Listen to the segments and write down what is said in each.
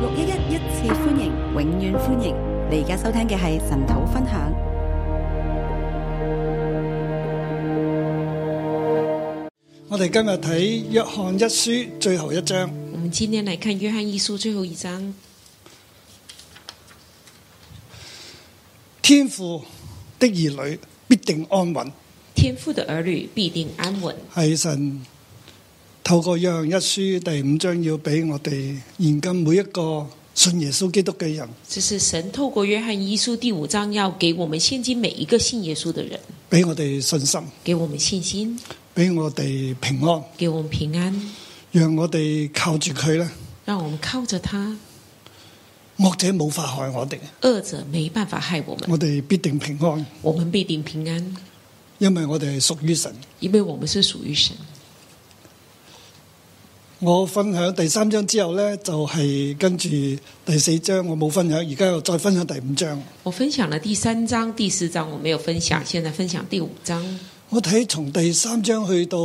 六一一一次歡迎，永遠歡迎！你而家收聽嘅係神討分享。我哋今日睇約翰一書最後一章。我們今天來看約翰一書最後一章。天父的兒女必定安穩。天父的兒女必定安穩。係神。透過約翰一書第五章，要俾我哋現今每一個信耶穌基督嘅人。就是神透過約翰一書第五章，要給我們現今每一個信耶穌嘅人，俾我哋信心，給我們信心，俾我哋平安，給我們平安。讓我哋靠住佢啦，讓我們靠着他，惡者冇法害我哋，惡者沒辦法害我們，我哋必定平安，我們必定平安，因為我哋係屬於神，因為我們是屬於神。我分享第三章之後呢，就係跟住第四章我冇分享，而家又再分享第五章。我分享了第三章、第四章，我沒有分享，現在分享第五章。我睇從第三章去到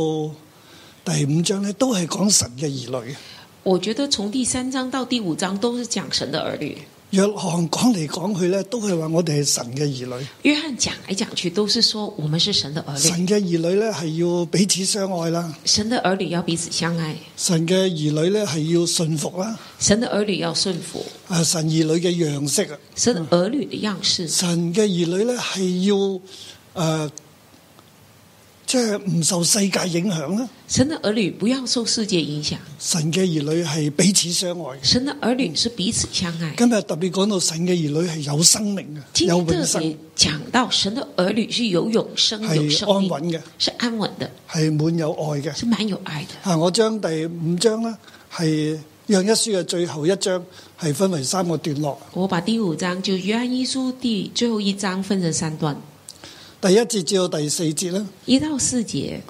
第五章呢，都係講神嘅兒女。我覺得從第三章到第五章都是講神的兒女。約翰講嚟講去咧，都係話我哋係神嘅兒女。約翰講嚟講去，都是說我們是神嘅兒女。神嘅兒女咧，係要彼此相愛啦。神嘅兒女要彼此相愛。神嘅兒女咧，係要信服啦。神嘅兒女要信服。誒，神兒女嘅樣式啊、嗯。神的兒女嘅樣式。神嘅兒女咧，係要誒。即係唔受世界影響啦！神的兒女不要受世界影響。神嘅兒女係彼此相愛。神嘅兒女是彼此相愛，嗯。今日特別講到神嘅兒女係有生命嘅，有特別講到神嘅兒女是有永生命、有安穩嘅，是安穩的，係滿有愛嘅，係滿有愛嘅。啊，我將第五章呢，係約壹書嘅最後一章係分為三個段落。我把第五章就約壹書第最後一章分成三段。第一節至到第四節啦，一到四節，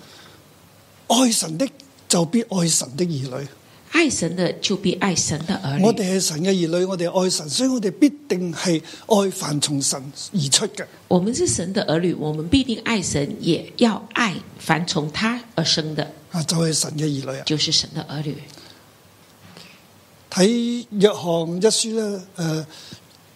愛神的就必愛神的兒女，愛神的就必愛神的兒女。我哋係神嘅兒女，我哋愛神，所以我哋必定係愛凡從神而出嘅。我們是神的兒女，我們必定愛神，也要愛凡從他而生嘅，啊，就係神嘅兒女啊，就是神的兒女。睇約翰一書咧，誒、呃。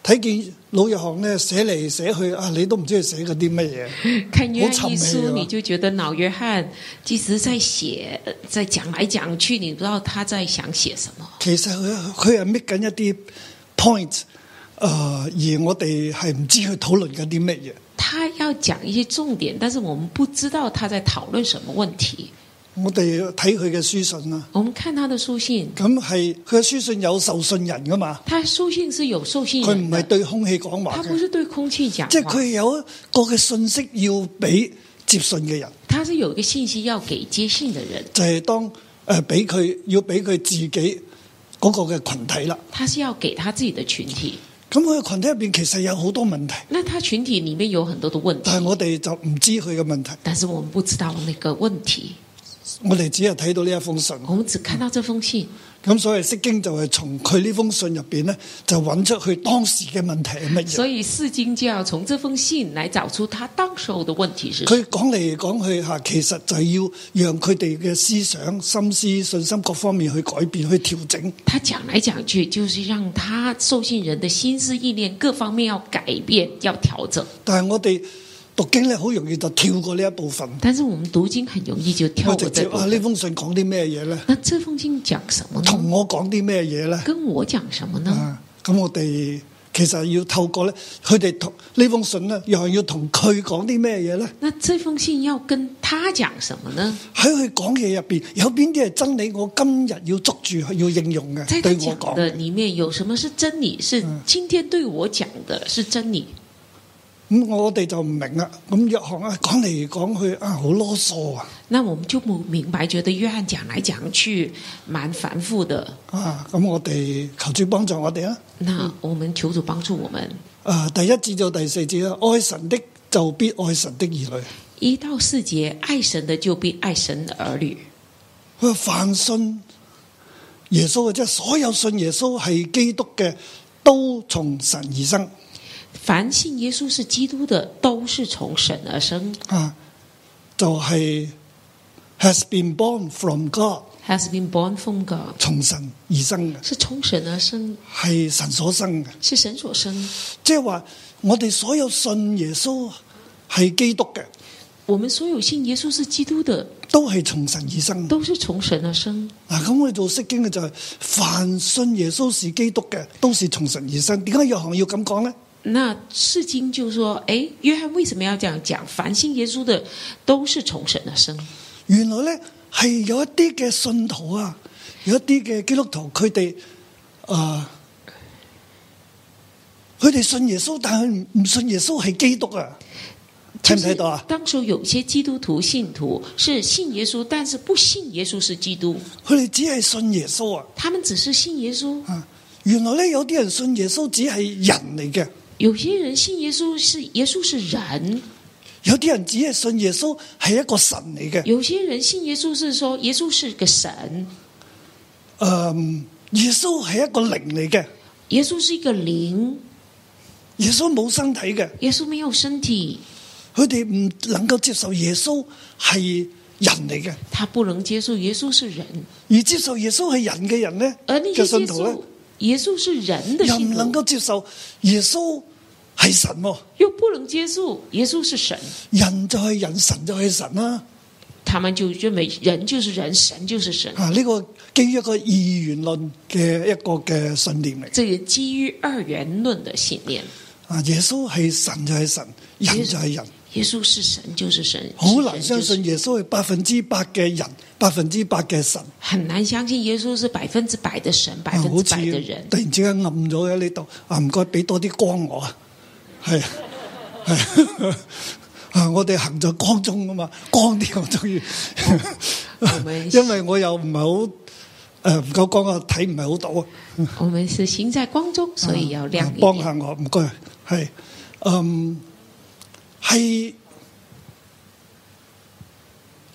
睇見老約翰咧寫嚟寫去啊，你都唔知佢寫嗰啲乜嘢。看完一書，你就覺得老約翰即係在寫，在講來講去，你唔知道他在想寫什麼。其實佢係 make 緊一啲 point 呃，而我哋係唔知佢討論緊啲乜嘢。他要講一些重點，但是我們不知道他在討論什麼問題。我哋睇佢嘅書信啊。我們看他的書信。咁係佢嘅書信有受信人噶嘛？他書信是有受信。佢唔係對空氣講話。他不是對空氣講話。即係佢有一個嘅信息要俾接信嘅人。他是有一個信息要給接信的人。就係、是、當誒俾佢要俾佢自己嗰個嘅群體啦。他是要給他自己的群體。咁佢群體入邊其實有好多問題。那他群體裏面有很多嘅問題，但係我哋就唔知佢嘅問題。但是我們不知道那個問題。我哋只係睇到呢一封信，嗯，我們只看到這封信。咁所以釋經就係、是、從佢呢封信入邊咧，就揾出去當時嘅問題係乜嘢。所以釋經就要從這封信來找出他當時候嘅問題是什麼。佢講嚟講去吓，其實就係要讓佢哋嘅思想、心思、信心各方面去改變、去調整。他講嚟講去，就是讓他受信人嘅心思意念各方面要改變、要調整。但係我哋。讀經咧，好容易就跳過呢一部分。但是我們讀經很容易就跳過這一部分。哇！呢、啊、封信講啲咩嘢咧？那這封信講什麼？同我講啲咩嘢咧？跟我講什麼呢？咁我哋、嗯、其實要透過咧，佢哋同呢封信咧，又係要同佢講啲咩嘢咧？那這封信要跟他講什麼呢？喺佢講嘢入邊，有邊啲係真理？我今日要捉住，要應用嘅。即係對我講的裏面，有什麼是真理？是今天對我講的，是真理。嗯咁我哋就唔明啦。咁約翰啊，講嚟講去啊，好囉嗦啊。那我們就冇明白，覺得約翰講嚟講去蠻繁複的。啊，咁我哋求主幫助我哋啊。那我們求主幫助我們啊。啊，第一節到第四節啊，愛神的就必愛神的兒女。一到四節，愛神的就必愛神的兒女、啊。凡信耶穌嘅，即係所有信耶穌係基督嘅，都從神而生。凡信耶穌是基督的，都是從神而生的。啊，就係、是、has been born from God，has been born from God，從神而生嘅，是從神而生，係神所生嘅，是神所生。即係話，我哋所有信耶穌係基督嘅，我們所有信耶穌是基督的，都係從神而生，都是從神而生的。啊，咁我做釋經嘅就係、是，凡信耶穌是基督嘅，都是從神而生。點解約翰要咁講咧？那聖經就說，誒，約翰為什麼要這樣講？凡信耶穌的，都是從神而生。原來呢，係有一啲嘅信徒啊，有一啲嘅基督徒，佢哋啊，佢哋、呃、佢哋信耶穌，但係唔信耶穌係基督啊。聽唔聽到啊？當初有些基督徒信徒是信耶穌，但是不信耶穌是基督。佢哋只係信耶穌啊。他們只是信耶穌，啊啊。原來咧有啲人信耶穌只係人嚟嘅。有些人信耶穌是耶穌是人，有啲人只係信耶穌係一個神嚟嘅。有些人信耶穌是說耶穌是個神，嗯，耶穌係一個靈嚟嘅。耶穌是一個靈，耶穌冇身體嘅。耶穌沒有身體，佢哋唔能夠接受耶穌係人嚟嘅。他不能接受耶穌是人。而接受耶穌係人嘅人呢，呢個信徒呢，耶穌是人嘅人。又唔能夠接受耶穌。係神哦，又不能接受耶穌是神，人就係人，神就係神啦。他們就認為人就是人，神就是神。啊，呢個基於一個二元論嘅一個嘅信念嚟，即係基於二元論嘅信念。啊，耶穌係神就係神，人就係人。耶穌是神就是神，好難相信耶穌係百分之百嘅人，百分之百嘅神。很難相信耶穌是百分之百嘅神，百分之百嘅人。突然之間暗咗喺呢度，啊唔該，俾多啲光我啊！係係， 我哋行在光中啊嘛，光啲我中意，因為我又唔係好誒唔夠光啊，睇唔係好到啊。我們是行在光中，所以要亮點。幫下我，唔該。係，嗯，係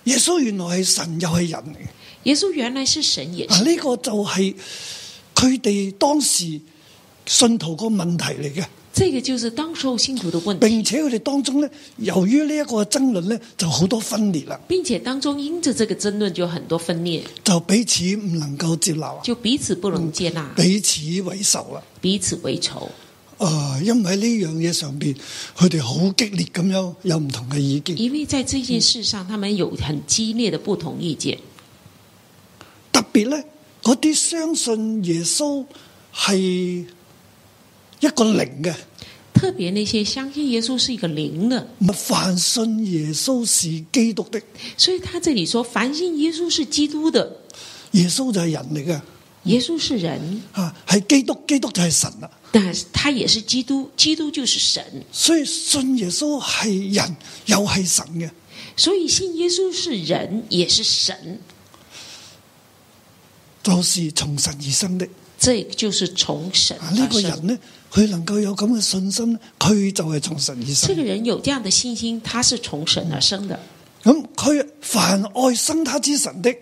耶穌原來係神又係人嚟。耶穌原來是神，也是耶穌呢、啊這個就係佢哋當時信徒個問題嚟嘅。這個就是當時候信徒的問題，並且佢哋當中呢，由於呢一個爭論呢，就好多分裂啦。並且當中因着這個爭論就很多分裂，就彼此唔能夠接納，就彼此不能接納，嗯，彼此為仇啦，彼此為仇。誒，呃，因為呢樣嘢上面，佢哋好激烈咁樣有唔同嘅意見，因為在這件事上，嗯，他們有很激烈嘅不同意見。特別呢，嗰啲相信耶穌係。一個靈嘅，特別那些相信耶穌是一個靈的，凡信耶穌是基督的，所以他這裏說凡信耶穌是基督的，耶穌就係人嚟嘅，耶穌是人啊，係基督，基督就係神啦，但係他也是基督，基督就是神，所以信耶穌係人又係神嘅，所以信耶穌是人也是神，就是從神而生的，這個、就是從神呢、啊這個人呢。佢能夠有咁嘅信心，佢就係從神而生。這個人有這樣的信心，他是從神而生的。咁、嗯、佢、嗯、凡愛生他之神的，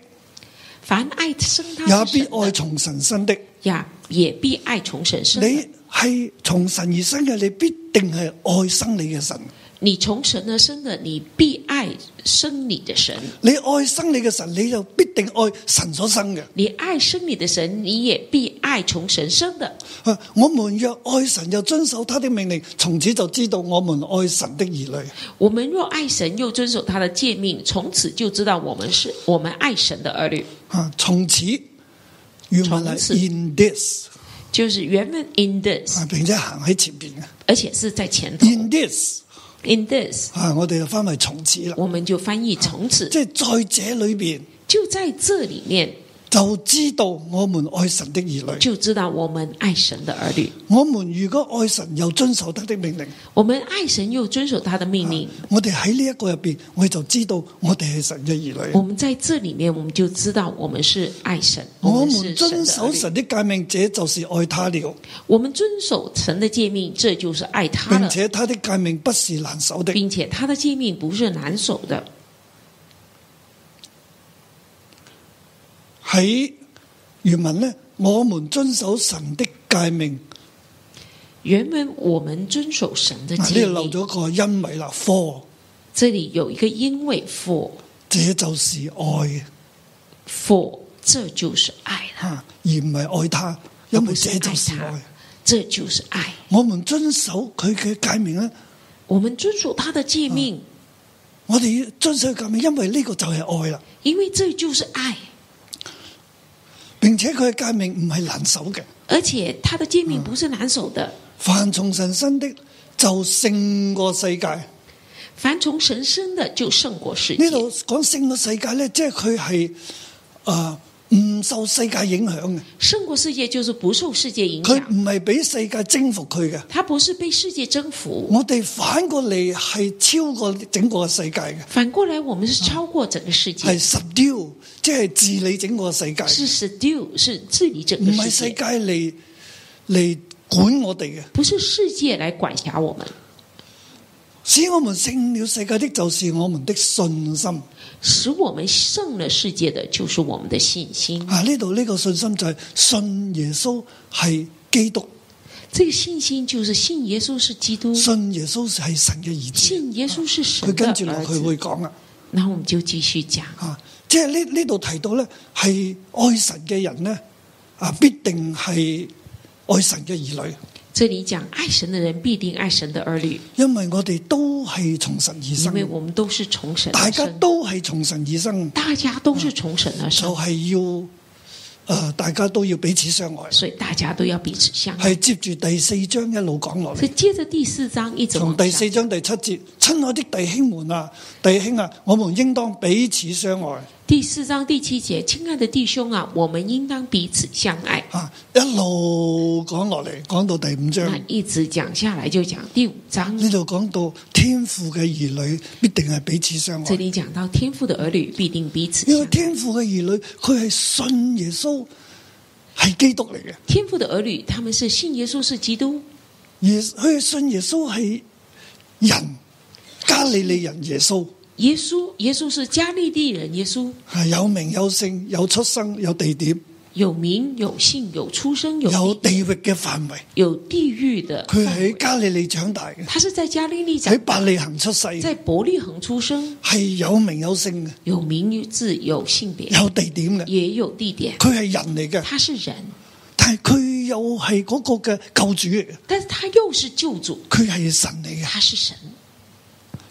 凡愛生他，也必愛從神生的，也也必愛從神生的。你係從神而生嘅，你必定係愛生你嘅神。你從神而生的，你必愛生你的神。你愛生你嘅神，你就必定愛神所生嘅。你愛生你的神，你也必愛從神生的。我們若愛神，又遵守他的命令，從此就知道我們愛神的兒女。我們若愛神，又遵守他的誡命，從此就知道我們是我們愛神的兒女。啊，從此，原來 in this 就是原本 in this 啊，並且行喺前邊，而且是在前頭 in this。In this，啊，我哋就翻埋從此啦。我們就翻譯從此了，即係在這裏邊，就在這裏面。就知道我們愛神的兒女，就知道我們愛神的兒女。我們如果愛神又遵守他的命令，我們愛神又遵守他的命令，啊、我哋喺呢一個入邊，我就知道我哋係神嘅兒女。我們在這裏面，我們就知道我們是愛神，我們，我們遵守神的誡命，這就是愛他了。我們遵守神的誡命，這就是愛他。並且他的誡命不是難守的，並且他的誡命不是難守的。喺原文咧，我們遵守神的誡命。原文我們遵守神的。你漏咗個因為啦，for 這裡有一個因為 for，這就是愛，for 這就是愛，吓，而唔係愛他，因為這就是愛，這就是愛。我們遵守佢嘅誡命咧，我們遵守他的誡命，我哋遵守誡命，因為呢個就係愛啦，因為這就是愛。並且佢嘅誡命唔係難守嘅，而且他的誡命不是難守的、嗯。凡從神生的就勝過世界，凡從神生的就勝過世界。呢度講勝過世界咧，即係佢係誒唔受世界影響嘅。勝過世界就是不受世界影響，佢唔係俾世界征服佢嘅，佢不是被世界征服。我哋反過嚟係超過整個世界嘅，反過嚟，我們是超過整個世界，係、嗯、subdue 即係治理整個世界，是 s 是治理整個世界。唔係世界嚟嚟管我哋嘅，不是世界來管轄我們。使我們勝了世界的就是我們的信心，使我們勝了世界的就是我們的信心。啊，呢度呢個信心就係信耶穌係基督，這個信心就是信耶穌是基督，信耶穌是神嘅意志。信耶穌是神。佢、啊、跟住落去會講啊。那我們就繼續講。啊即係呢，呢度提到咧，係愛神嘅人咧，啊必定係愛神嘅兒女。即係你講愛神嘅人必定愛神嘅兒女，因為我哋都係從神而生。因為我們都是從神，大家都係從神而生，大家都是從神而生，啊。就係、是、要，誒、呃、大家都要彼此相愛，所以大家都要彼此相愛。係接住第四章一路講落嚟，接住第四章，一直從第四章第七節，親愛啲弟兄們啊，弟兄啊，我們應當彼此相愛。第四章第七節，親愛的弟兄啊，我們應當彼此相愛。啊，一路講落嚟，講到第五章。一直講下來就講第五章，呢度講到天父嘅兒女必定係彼此相愛。這裏講到天父嘅兒女必定彼此相愛。因為天父嘅兒女佢係信耶穌，係基督嚟嘅。天父的兒女，他們是信耶穌，是基督。而佢係信耶穌係人加利利人耶穌。耶穌耶穌是加利利人。耶穌係有名有姓，有出生，有地點。有名有姓，有出生，有地點，有地域嘅範圍，有地域嘅。佢喺加利利長大嘅。佢是在加利利喺伯利恒出世，在伯利恒出生。係有名有姓嘅，有名字有，有性別，有地點嘅，也有地點。佢係人嚟嘅，佢是人，但係佢又係嗰個嘅救主，但佢又是救主，佢係神嚟嘅，他是神。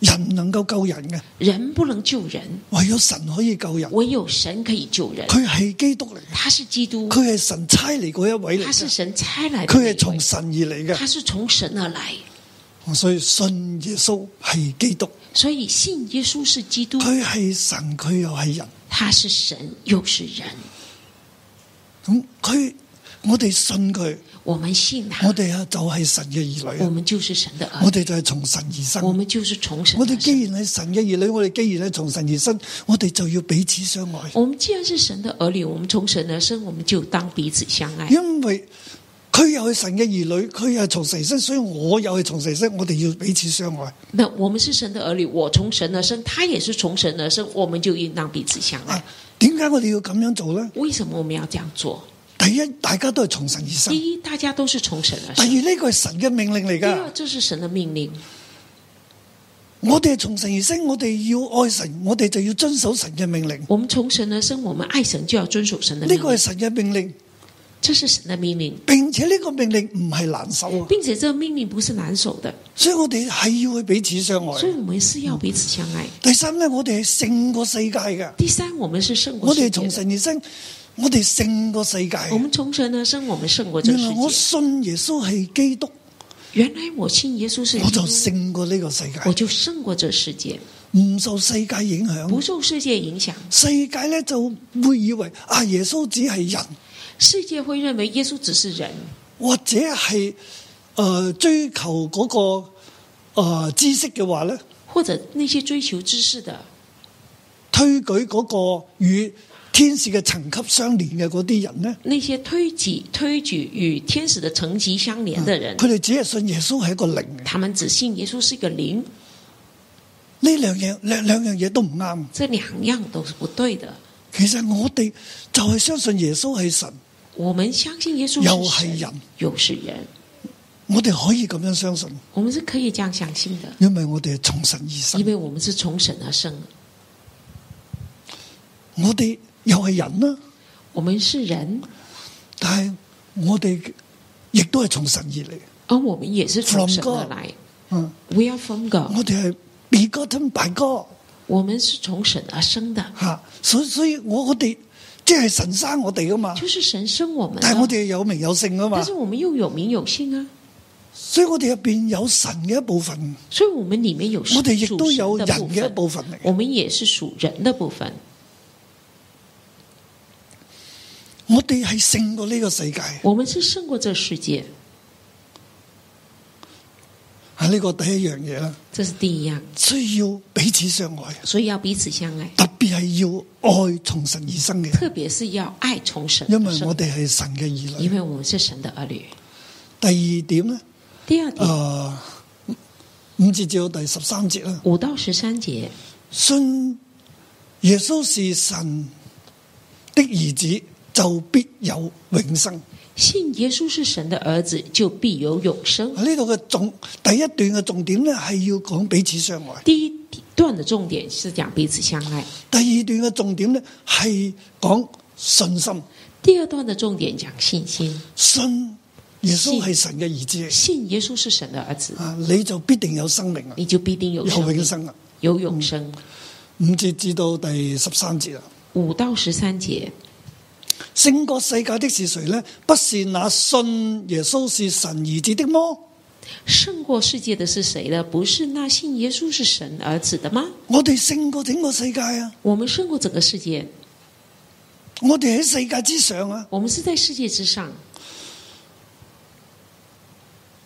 人唔能夠救，救人嘅，人不能救人，唯有神可以救人，唯有神可以救人。佢係基督，他是基督，佢係神差嚟嗰一位嚟，他是神差嚟，佢係從神而嚟嘅，他是從神而來。所以信耶穌係基督，所以信耶穌是基督，佢係神，佢又係人，佢是神又是人。咁佢，我哋信佢。我們信他、啊，我哋啊就係神嘅兒女，我們就是神的。我哋就係從神而生，我們就是從神。我哋既然係神嘅兒女，我哋既然係從神而生，我哋就要彼此相愛。我們既然是神嘅兒女，我們從神而生，我們就當彼此相愛。因為佢又係神嘅兒女，佢又從神而生，所以我又係從神而生，我哋要彼此相愛。那我們是神嘅兒女，我從神而生，他也是從神而生，我們就應當彼此相愛。啊，點解我哋要咁樣做咧？為什麼我們要這樣做？第一，大家都係從神而生；第一，大家都是從神而生；第二，呢個係神嘅命令嚟噶；呢個，就是神嘅命令。我哋從神而生，我哋要愛神，我哋就要遵守神嘅命令。我們從神而生，我們愛神就要遵守神嘅命令。呢個係神嘅命令，這是神嘅命，命令，並且呢個命令唔係難守啊！並且，呢個命令唔係難守的，所以我哋係要去彼此相愛。所以我們是要彼此相愛。第三咧，我哋係勝過世界嘅。第三，我們是勝過世界。我哋從神而生。我哋勝過世界。我們重生啊，勝我們勝過這世界。原來我信耶穌係基督。原來我信耶穌是基督。我就勝過呢個世界。我就勝過這世界，唔受世界影響。不受世界影響。世界咧就會以為啊，耶穌只係人。世界會認為耶穌只是人，或者係誒追求嗰個誒知識嘅話咧，或者那些追求知識的推舉嗰個與。天使嘅層級相連嘅嗰啲人呢？呢些推舉推舉與天使嘅層級相連嘅人，啊、佢哋只係信耶穌係一個靈。他們只信耶穌係一個靈。呢兩樣兩兩樣嘢都唔啱。這兩樣，兩兩樣都係不對嘅。其實我哋就係相信耶穌係神。我們相信耶穌又係人，又係人。我哋可以咁樣相信。我們是可以這樣相信的，因為我哋係從神而生。因為我們是從神而生。我哋。又係人啦，我們是人，但係我哋亦都係從神而嚟，而我們也是從神而嚟，嗯 We are from God，我哋係比哥同大哥，我們是從神而、啊、生的，吓，所以所以，我我哋即係神生我哋噶嘛，就是神生我們，但係我哋有名有姓噶嘛，但是我哋又有名有姓啊，所以我哋入邊有神嘅一部分，所以我們裏面有一我哋亦都有人嘅一部分，我們也是屬人的部分。我哋係勝過呢個世界，我們是勝過這個世界。係呢個第一樣嘢啦。這是第一樣，需要彼此相愛，所以要彼此相愛。特別係要愛從神而生嘅，特別是要愛從神。因為我哋係神嘅兒女，因為我們是神的兒女。第二點咧，第二點，啊，五節至到第十三節啦，五到十三節，信耶穌是神的兒子。就必有永生。信耶穌是神的兒子，就必有永生。呢度嘅重第一段嘅重點咧，係要講彼此相愛。第一段嘅重點是講彼此相愛。第二段嘅重點咧，係講信心。第二段嘅重點講信心。信耶穌係神嘅兒子。信耶穌是神嘅兒子啊，你就必定有生命啊，你就必定有有永生啊，有永生。五節至到第十三節啊，五到十三節。勝過世界的是誰呢？不是那信耶穌是神兒子的麼？勝過世界的是誰呢？不是那信耶穌是神兒子的嗎？我哋勝過整個世界啊！我們勝過整個世界，我哋喺世界之上啊！我們是在世界之上。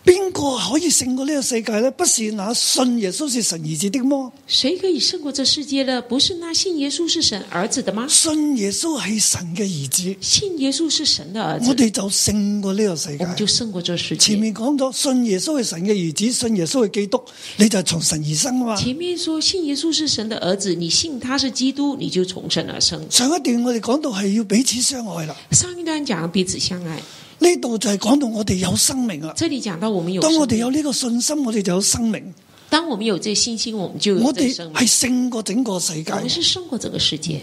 邊個可以勝過呢個世界咧？不是那信耶穌是神兒子的嗎？誰可以勝過這世界呢？不是那信耶穌是神兒子的嗎？信耶穌係神嘅兒子，信耶穌是神的兒子，我哋就勝過呢個世界。我們就勝過這世界。前面講咗，信耶穌係神嘅兒子，信耶穌係基督，你就從神而生啊！前面說信耶穌是神的兒子，你信他是基督，你就從神而生。上一段我哋講到係要彼此相愛啦。上一段講彼此相愛。呢度就係講到我哋有生命啦。這你講到我們有生命了。當我哋有呢個信心，我哋就有生命。當我們有這信心，我們就有生命。我哋係勝過整個世界。我們是勝過這個世界。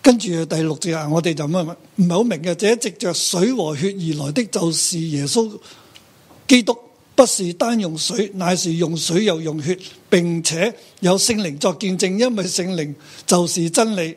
跟住第六節啊，我哋就乜唔係好明嘅。這就藉着水和血而來的就是耶穌基督，不是單用水，乃是用水又用血，並且有聖靈作見證，因為聖靈就是真理。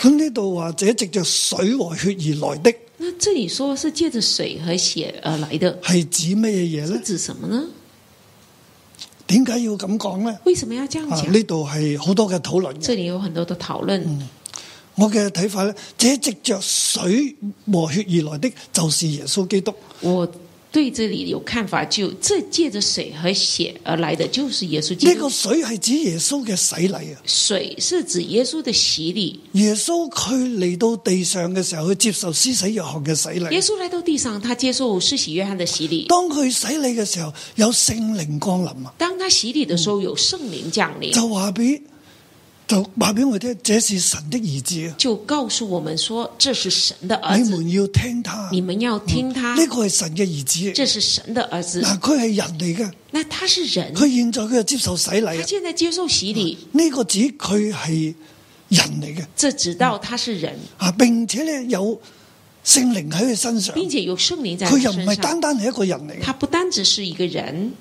喺呢度話，這直着水和血而來的，那這裡說是借着水和血而來的，係指咩嘢呢？指什麼呢？點解要咁講呢？為什麼要這樣講？呢度係好多嘅討論。這裡有很多嘅討論。嗯，我嘅睇法咧，這直着水和血而來的，就是耶穌基督。我。對這裏有看法，就這借着水和血而來的就是耶穌。呢、這個水係指耶穌嘅洗禮啊？水是指耶穌的洗禮。耶穌佢嚟到地上嘅時候，佢接受施洗約翰嘅洗禮。耶穌來到地上，他接受施洗約翰的洗禮。當佢洗禮嘅時候，有聖靈降臨啊。當他洗禮的時候，有聖靈降臨。禮嗯、就話俾。就話俾我知，這是神的兒子。就告訴我們說，這是神的兒子。你們要聽他，你們要聽他。呢、這個係神嘅兒子，這是神的兒子。嗱、嗯，佢係人嚟嘅。嗱，他是人，佢現在佢接受洗禮。佢現在接受洗禮。呢、嗯這個指佢係人嚟嘅，即直到他是人啊、嗯，並且咧有聖靈喺佢身上，並且有聖靈在他身上。佢又唔係單單係一個人嚟，佢不單止是一個人。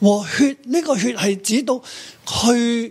和、哦、血呢、這個血係指到佢。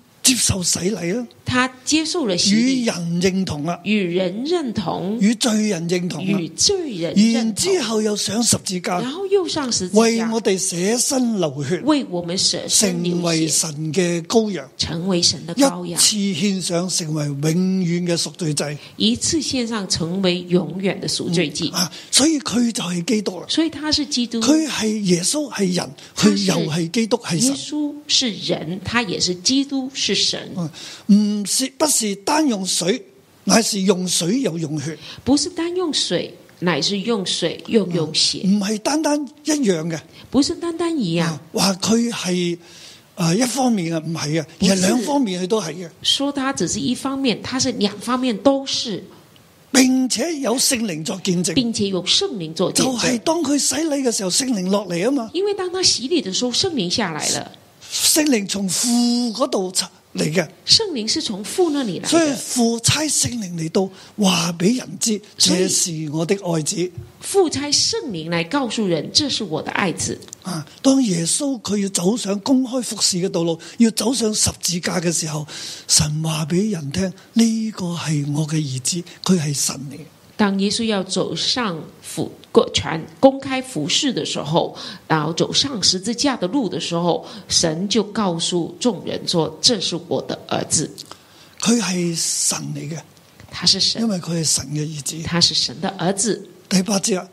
接受洗禮啦，他接受了洗禮，與人認同啊，與人認同，與罪人認同，與罪人認同。然之後又上十字架，然後又上十字架，為我哋捨身流血，為我們捨身，成為神嘅羔羊，成為神嘅羔羊，一次獻上成為永遠嘅贖罪祭，一次獻上成為永遠嘅贖罪祭、嗯、啊！所以佢就係基督啦，所以他是基督，佢係耶穌係人，佢又係基督係神，耶穌是人，他也是基督是神。唔、嗯、是，不是單用水，乃是用水又用血；不是單用水，乃是用水又用血。唔係單單一樣嘅，不是單單一樣的。話佢係誒一方面啊，唔係啊，而係兩方面佢都係嘅。說他只是一方面，他是兩方面都是，並且有聖靈作見證，並且有聖靈作見證。就係、是、當佢洗禮嘅時候，聖靈落嚟啊嘛。因為當他洗禮的時候，聖靈下來了，聖靈從父嗰度。嚟嘅聖靈是從父那裡嚟嘅，所以父差聖靈嚟到話俾人知，這是我的愛子。父差聖靈嚟告訴人，這是我的愛子。啊，當耶穌佢要走上公開服侍嘅道路，要走上十字架嘅時候，神話俾人聽，呢、這個係我嘅兒子，佢係神嚟。但耶穌要走上父。過全公開服侍的時候，然後走上十字架的路的時候，神就告訴眾人說：“這是我的兒子，佢係神嚟嘅，他是神，因為佢係神嘅兒子，他是神的兒子。”第八節，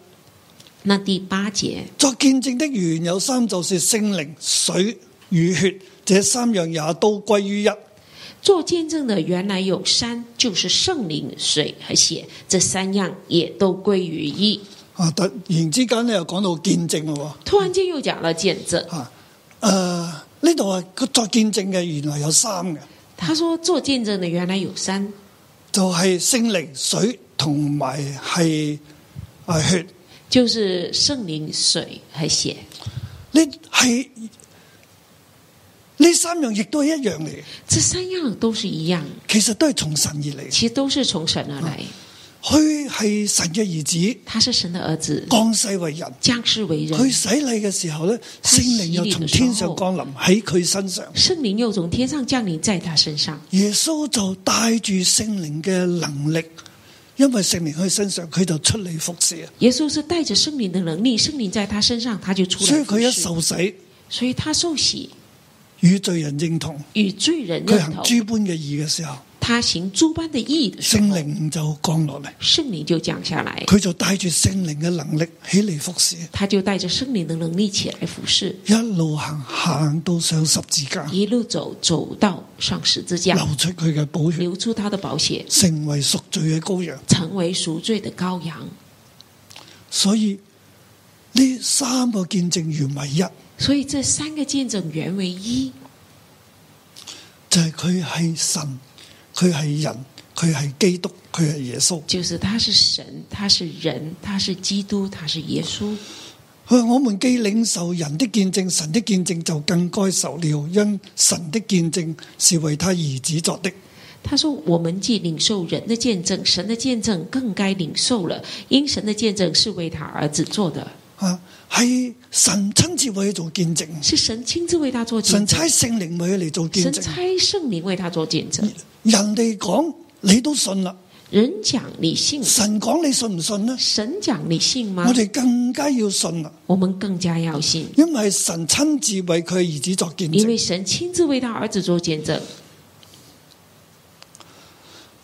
那第八節，做見證的原有三，就是聖靈、水與血，這三樣也都歸於一。做見證的原來有三，就是聖靈、水和血，這三樣也都歸於一。突然之間又講到見證咯。突然之又講到見證。吓、嗯，誒，呢度啊，做、呃、見證嘅原來有三嘅。他說做見證嘅原來有三，就係、是、聖靈、水同埋係血。就是聖靈、水係血。呢係呢三樣亦都係一樣嚟。這三樣也都是一樣，其實都係從神而嚟，其實都是從神而來。嗯佢係神嘅兒子，他是神嘅兒子，降世為人，降世為人。佢洗禮嘅時候咧，聖靈又從天上降臨喺佢身上，聖靈又從天上降臨在他身上。耶穌就帶住聖靈嘅能力，因為聖靈喺身上，佢就出嚟服侍。啊！耶穌是帶着聖靈嘅能力，聖靈在他身上，他就出嚟。所以佢一受死，所以他受洗。與罪人認同，與罪人佢行諸般嘅義嘅時候。他行諸般的意義的，聖靈就降落嚟，聖靈就降下來，佢就帶住聖靈嘅能力起嚟服侍，佢就帶住聖靈嘅能力起嚟服侍，一路行行到上十字架，一路走走到上十字架，流出佢嘅寶血，流出他的寶血，成為贖罪嘅羔羊，成為贖罪的羔羊。所以呢三個見證原為一，所以呢三個見證原為一，就係佢係神。佢係人，佢係基督，佢係耶穌。就是他是神，他是人，他是基督，他是耶穌。啊，我們既領受人的見證，神的見證就更該受了，因神的見證是為他兒子作的。他說：我們既領受人的見證，神的見證更該領受了，因神的見證是為他兒子做的。啊。係神親自為佢做見證，是神親自為他做見證。神差聖靈為佢嚟做見證，神差聖靈為他做見證。人哋講你都信啦，人講你信，神講你信唔信呢？神講你信嗎？我哋更加要信啦，我們更加要信，因為神親自為佢兒子作見證，因為神親自為他兒子做見證。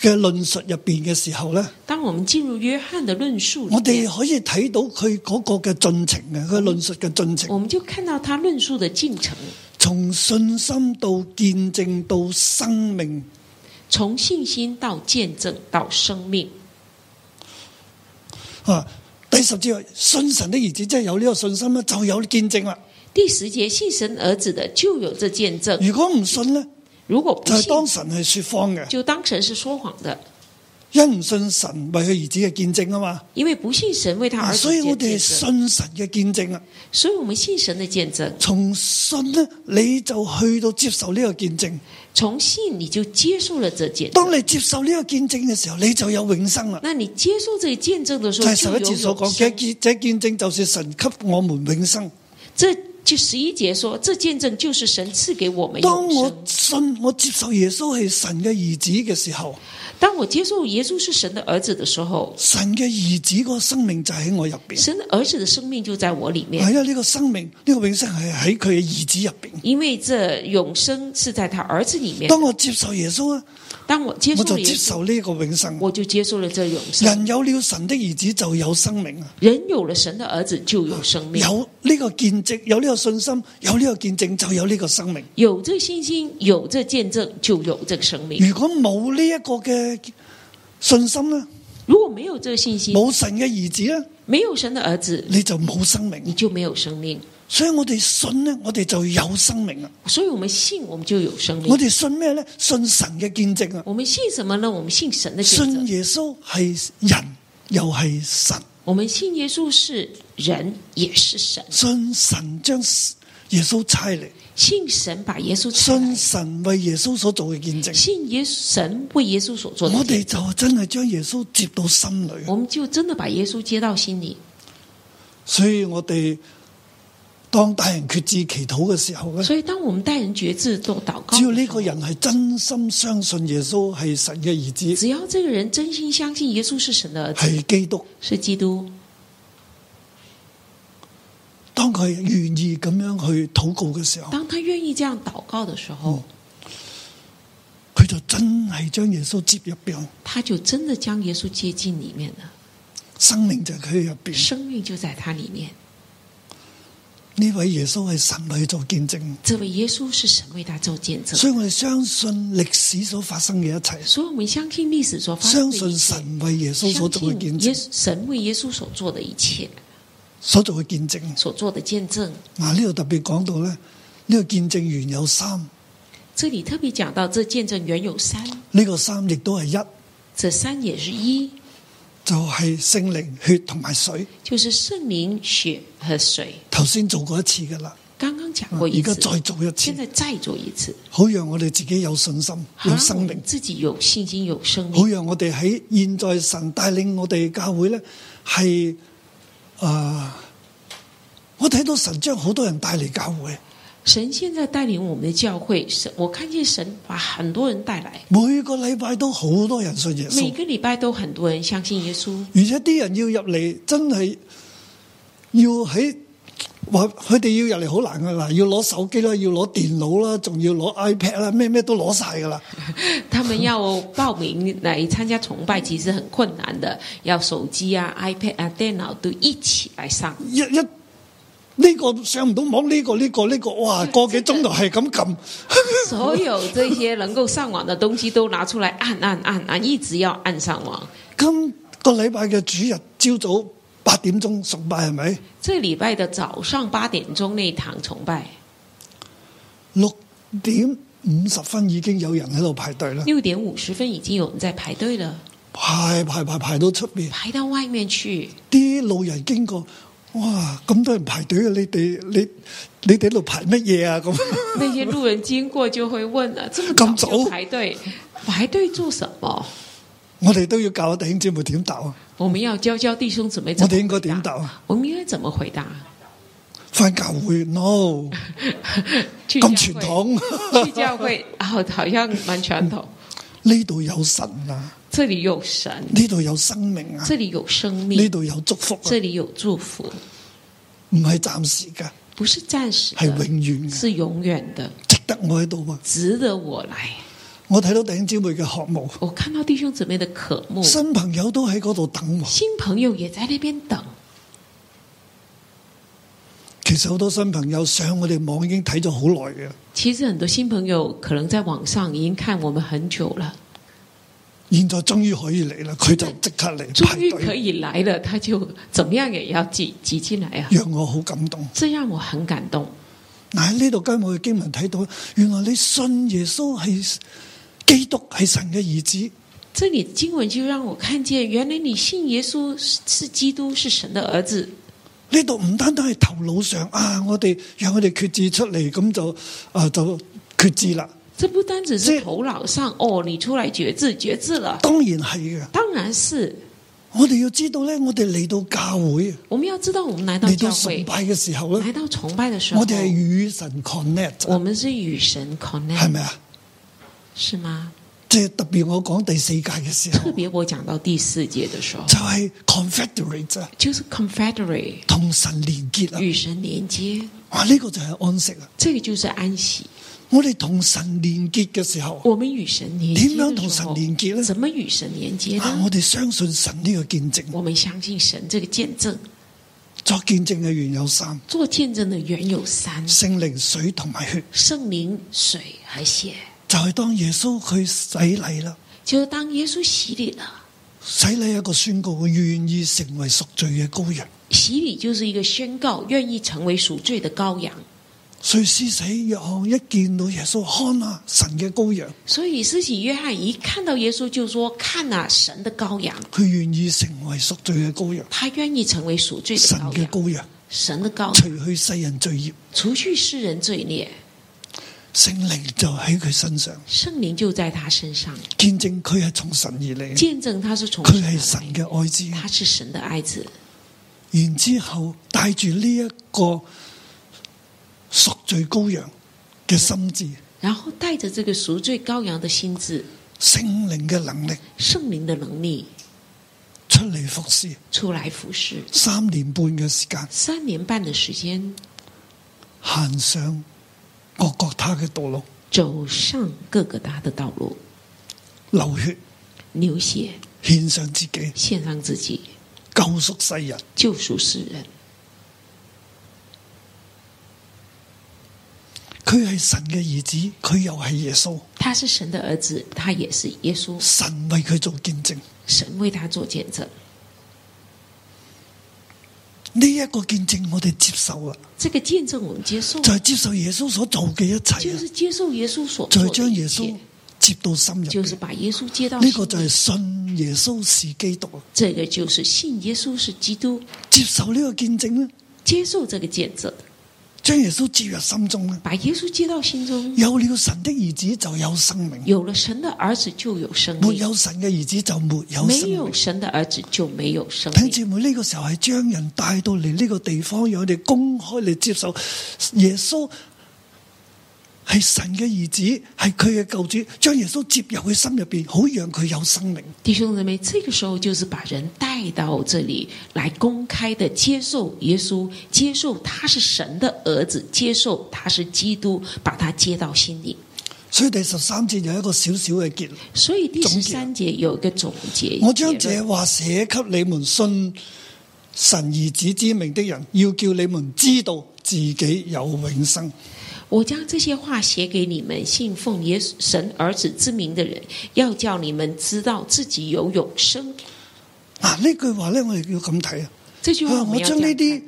嘅論述入邊嘅時候咧，當我們進入約翰嘅論述，我哋可以睇到佢嗰個嘅進程嘅，佢論述嘅進程。我們就看到他論述嘅進程，從信心到見證到生命，從信心到見證到生命。啊，第十節信神的兒子，即係有呢個信心咧，就有見證啦。第十節信神兒子的，就有這見證。如果唔信呢？如果就係、是、當神係說謊嘅，就當神是說謊的，因唔信神為佢兒子嘅見證啊嘛。因為不信神為他兒子，所以我哋係信神嘅見證啊。所以，我們信神的見證。從信呢，你就去到接受呢個見證；從信，你就接受了這見證。當你接受呢個見證嘅時候，你就有永生啦。那你接受這個見證的時候，就十一節所講嘅見，這見證就是神給我們永生，即就十一節說，這見證就是神賜給我們永生。當我信我接受耶穌係神嘅兒子嘅時候，當我接受耶穌是神的兒子的時候，神嘅兒子個生命就喺我入邊。神嘅兒子嘅生命就在我裏面。係啊，呢、這個生命呢、這個永生係喺佢嘅兒子入邊。因為這永生是在他兒子裏面。當我接受耶穌，我就接受呢個永生，我就接受了這永生。人有了神的兒子就有生命啊！人有了神的兒子就有生命。有呢個見證，有呢個信心，有呢個見證就有呢個生命。有這信心，有這見證就有這個生命。如果冇呢一個嘅信心呢？如果沒有這個信心，冇神嘅兒子咧，沒有神的兒子你就冇生命，你就沒有生命。所以我哋信呢，我哋就有生命啊！所以我們信，我們就有生命。我哋信咩咧？信神嘅見證啊！我們信什麼呢？我們信神的見證。信耶穌係人又係神。我們信耶穌是人也是神。信神將耶穌差嚟，信神把耶穌。信神為耶穌所做嘅見證，信耶穌神為耶穌所做的見證。我哋就真係將耶穌接到心裏。我們就真的把耶穌接到心裏。所以我哋。當大人決志祈禱嘅時候咧，所以當我們大人決志做禱告，只要呢個人係真心相信耶穌係神嘅兒子，只要這個人真心相信耶穌是神嘅兒子，係基督，是基督。當佢願意咁樣去禱告嘅時候，當佢願意這樣禱告嘅時候，佢就真係將耶穌接入邊，他就真的將耶穌接進裏面了，生命就喺入邊，生命就在他裏面。呢位耶穌係神嚟，做見證，這位耶穌是神為他做見證，所以我哋相信歷史所發生嘅一切，所以我們相信歷史所發生的一切，相信神為耶穌所做嘅見證，神為耶穌所做嘅一切，所做嘅見證，所做的見證。嗱，呢度特別講到咧，呢個見證原有三，這裏特別講到，這見證原有三，呢個三亦都係一，這三也是一。就係聖靈、血同埋水，就是聖靈、血和水。頭先做過一次㗎喇，剛剛講過，而家再做一次，現在再做一次，好讓我哋自，自己有信心，有生命，自己有信心有生命，好讓我哋喺現在神帶領我哋教會咧，係啊、呃，我睇到神將好多人帶嚟教會。神現在帶領我們的教會，我看見神把很多人帶來。每個禮拜都好多人信耶穌。每個禮拜都很多人相信耶穌。而且啲人要入嚟，真係要喺話佢哋要入嚟好難噶啦，要攞手機啦，要攞電腦啦，仲要攞 iPad 啦，咩咩都攞晒噶啦。他們要報名嚟參加崇拜， 其實很困難的，要手機啊、iPad 啊、電腦都一起來上。一一。呢、這個上唔到網，呢、這個呢、這個呢、這個，哇，個幾鐘頭係咁撳。所有這些能夠上網的東西都拿出來按按按按，一直要按上網。今、這個禮拜嘅主日朝早八點鐘崇拜係咪？這禮拜的早上八點鐘那堂崇拜，六點五十分已經有人喺度排隊啦。六點五十分已經有人在排隊了，排排排排到出面，排到外面去。啲路人經過。哇，咁多人排隊啊！你哋你你哋喺度排乜嘢啊？咁，那些路人經過就會問啦，咁早排隊排隊做什麼？我哋都要教弟兄姊妹點答啊！我們要教教弟兄姊妹，我哋應該點答啊？我們應該怎麼回答？翻教會？no，咁傳統？ 去教會？好， 好像蠻傳統。嗯，呢度有神啊！這裏有神，呢度有生命啊！這裏有生命，呢度有祝福，這裏有祝福，唔係暫時噶，不是暫時的，係永遠，是永遠的，值得我喺度啊！值得我來，我睇到弟兄姊妹嘅渴望，我看到弟兄姊妹嘅渴望。新朋友都喺嗰度等我，新朋友也在呢邊等。其實好多新朋友上我哋網已經睇咗好耐嘅，其實很多新朋友可能在網上已經看我們很久了。現在終於可以嚟啦，佢就即刻嚟排隊。終於可以來了，他就怎麼樣也要擠擠進來啊！讓我好感動，這讓我很感動。嗱喺呢度跟我去經文睇到，原來你信耶穌係基督係神嘅兒子。這裏經文就讓我看見，原來你信耶穌是基督是神的兒子。呢度唔單單係頭腦上啊，我哋讓我哋決志出嚟，咁就啊就決志啦。這不單只是頭腦上，哦，你出來決志，決志了。當然係啊，當然是。我哋要知道咧，我哋嚟到教會，我們要知道，我們來到教會崇拜嘅時候咧，來到崇拜嘅時，時候，我哋係與神 connect，我們是與神 connect，係咪啊？是嗎？即、就、係、是、特別我講第四屆嘅時候，特別我講到第四屆嘅時候，就係、是、confederate，就是 confederate，同神連結啊，與神連接。啊，呢個就係安息啊，呢個就是安息。這個我哋同神連結嘅時候，我們與神連結。點樣同神連結咧？怎麼與神連接？我哋相信神呢個見證。我們相信神呢個見證。作見證嘅原有三。作見證嘅原有三。聖靈、水同埋血。聖靈、水、血，就係、是、當耶穌去洗禮啦，就當耶穌洗禮啦，洗禮一個宣告，願意成為贖罪嘅羔羊。洗禮就是一個宣告，願意成為贖罪嘅羔羊。施洗約翰一見到耶穌，看啊，神嘅羔羊。所以施洗約翰一看到耶穌，就說看啊，神嘅羔羊。佢願意成為贖罪嘅羔羊。他願意成為贖罪嘅神嘅羔羊。神嘅羔羊，神嘅羔羊，除去世人罪孽，除去世人罪孽。聖靈就喺佢身上，聖靈就在他身上。見證佢係從神而嚟，見證他是從神，佢係神嘅愛子，他是神嘅愛子。然之後帶住呢一個。贖罪羔羊嘅心智，然後帶着這個贖罪羔羊嘅心智，聖靈嘅能力，聖靈嘅能力出嚟服侍，出嚟服侍三年半嘅時間，三年半嘅時間行上我各個他嘅道路，走上各個他的道路，流血流血獻上自己，獻上自己救贖世人，救贖世人。佢係神嘅兒子，佢又係耶穌。他是神的兒子，他也是耶穌。神為佢做見證，神為他做見證。呢一個見證我哋接受啦。這個見證我們接受，就係接受耶穌所做嘅一切，就是接受耶穌所做的一切。再、就、將、是、耶穌接到心入，就是把耶穌接到。呢、就是、個就係信耶穌是基督啊。這個就是信耶穌是基督，接受呢個見證啦，接受這個見證。將耶穌接入心中啦，把耶穌接到心中。有了神的兒子就有生命，有了神的兒子就有生命。沒有神嘅兒子就沒有生命。沒有神的兒子就沒有生命。弟兄姊妹，呢個時候係將人帶到嚟呢個地方，讓佢哋公開嚟接受耶穌。係神嘅兒子，係佢嘅救主，將耶穌接入佢心入邊，好讓佢有生命。弟兄姊妹，這個時候就是把人帶到這裏來公開的接受耶穌，接受他是神的兒子，接受他是基督，把他接到心裏。所以第十三節有一個小小嘅結論。所以第十三節有一個總結。我將這話寫給你們信神兒子之名的人，要叫你們知道自己有永生。我將這些話寫給你們信奉耶穌神兒子之名的人，要叫你們知道自己有永生。那、啊、這句話呢，我哋要咁睇啊。話，我將呢啲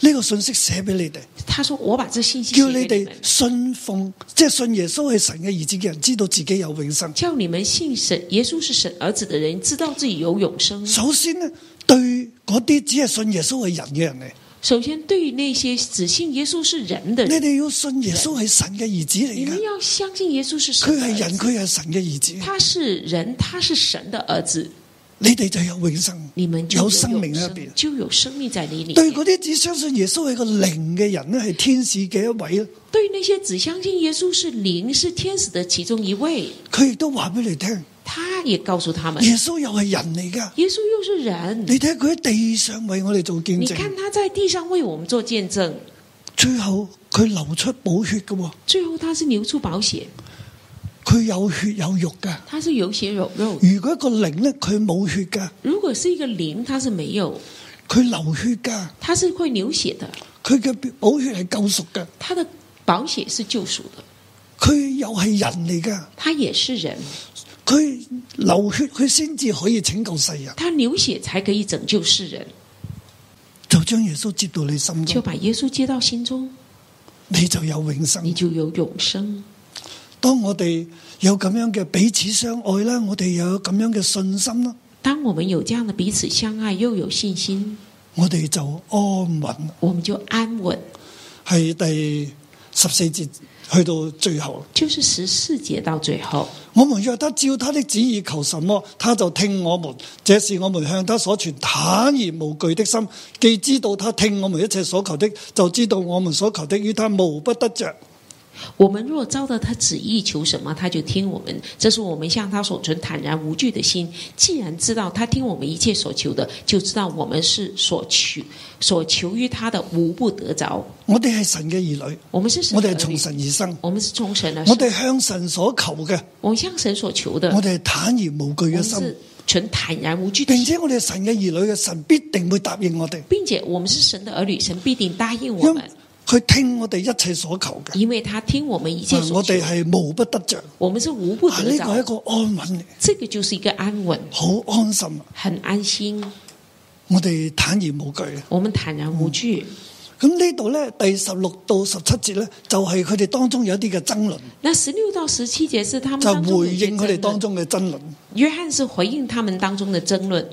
呢個信息寫俾你哋。他說：“我把這信息叫你哋信奉，即係信耶穌係神嘅兒子嘅人，知道自己有永生。”叫你們信神耶穌是神兒子的人，知道自己有永生。首先呢，對嗰啲只係信耶穌係人嘅人首先，對於那些只信耶穌是人的人，你哋要信耶穌係神嘅兒子嚟。你們要相信耶穌是神，佢係人，佢係神嘅兒子。他是人，他是神嘅兒，兒子，你哋就有永生，你們有生命喺就有生命在裏面。對嗰啲只相信耶穌係個靈嘅人咧，係天使嘅一位。對於那些只相信耶穌是靈是天使嘅其中一位，佢亦都話俾你聽。他也告訴他們，耶穌又係人嚟噶，耶穌又是人。你睇佢喺地上為我哋做見證，你看他在地上為我們做見證，最後佢流出寶血噶、哦，最後他是流出寶血，佢有血有肉噶，他是有血有肉。如果一個靈呢，佢冇血噶，如果是一個靈，他是沒有，佢流血噶，他是會流血的，佢嘅寶血係救贖噶，他的寶血是救贖的，佢又係人嚟噶，他也是人。佢流血，佢先至可以拯救世人。他流血才可以拯救世人，就將耶穌接到你心中，就把耶穌接到心中，你就有永生，你就有永生。當我哋有咁樣嘅彼此相愛啦，我哋有咁樣嘅信心啦。當我們有這樣的彼此相愛，又有信心，我哋就安穩，我們就安穩。係第十四節。去到最後，就是十四節到最後，我們若他照他的旨意求什麼，他就聽我們。這是我們向他所存坦然無懼的心，既知道他聽我們一切所求的，就知道我們所求的與他無不得着。我們若遭到他旨意，求什麼他就聽我們。這是我們向他所存坦然無懼的心。既然知道他聽我們一切所求的，就知道我們是所求。所求於他的無不得着。我哋係神嘅兒女，我們是，我哋係從神而生，我們是從神而生。我哋向神所求嘅，我們向神所求的，我哋坦，坦然無懼嘅心，存坦然無懼，並且我哋係神嘅兒女，神必定會答應我哋，並且我們是神的兒女，神必定答應我們。去聽我哋一切所求嘅，因為他聽我們一切所求。我哋係無不得着，我們是無不得着。係、啊、呢、這個係一個安穩，呢，這個就是一個安穩，好安心，很安心。我哋坦然無懼，我們坦然無懼。咁、嗯、呢度咧，第十六到十七節咧，就係佢哋當中有啲嘅爭論。那十六到十七節是他們就回應佢哋當中嘅爭論。約翰是回應他們當中嘅爭論。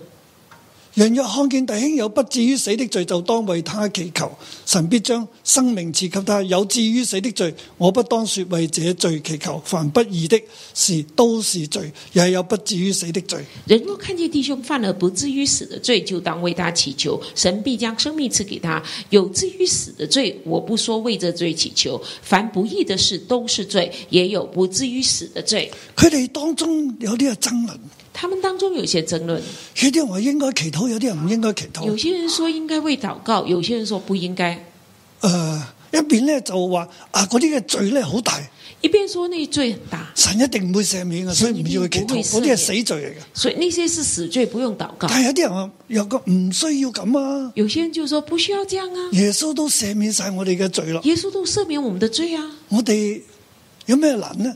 人若看見弟兄有不至於死的罪，就當為他祈求，神必將生命賜給他。有至於死的罪，我不當說為這罪祈求。凡不義的事都是罪，也有不至於死的罪。人若看見弟兄犯了不至於死的罪，就當為他祈求，神必將生命賜給他。有至於死的罪，我不說為這罪祈求。凡不義的事都是罪，也有不至於死的罪。佢哋當中有呢個爭論。他們當中有些爭論，有啲人話應該祈禱，有啲人唔應該祈禱。有些人說應該會禱告，有些人說不應該。誒、呃，一邊咧就話啊，嗰啲嘅罪咧好大，一邊說呢罪很大，神一定唔會赦免嘅，所以唔要去祈禱。嗰啲係死罪嚟嘅，所以呢些是死罪，不用禱告。但係有啲人話有個唔需要咁啊，有些人就說不需要這樣啊。耶穌都赦免晒我哋嘅罪囉，耶穌都赦免我們的罪啊，我哋有咩難呢？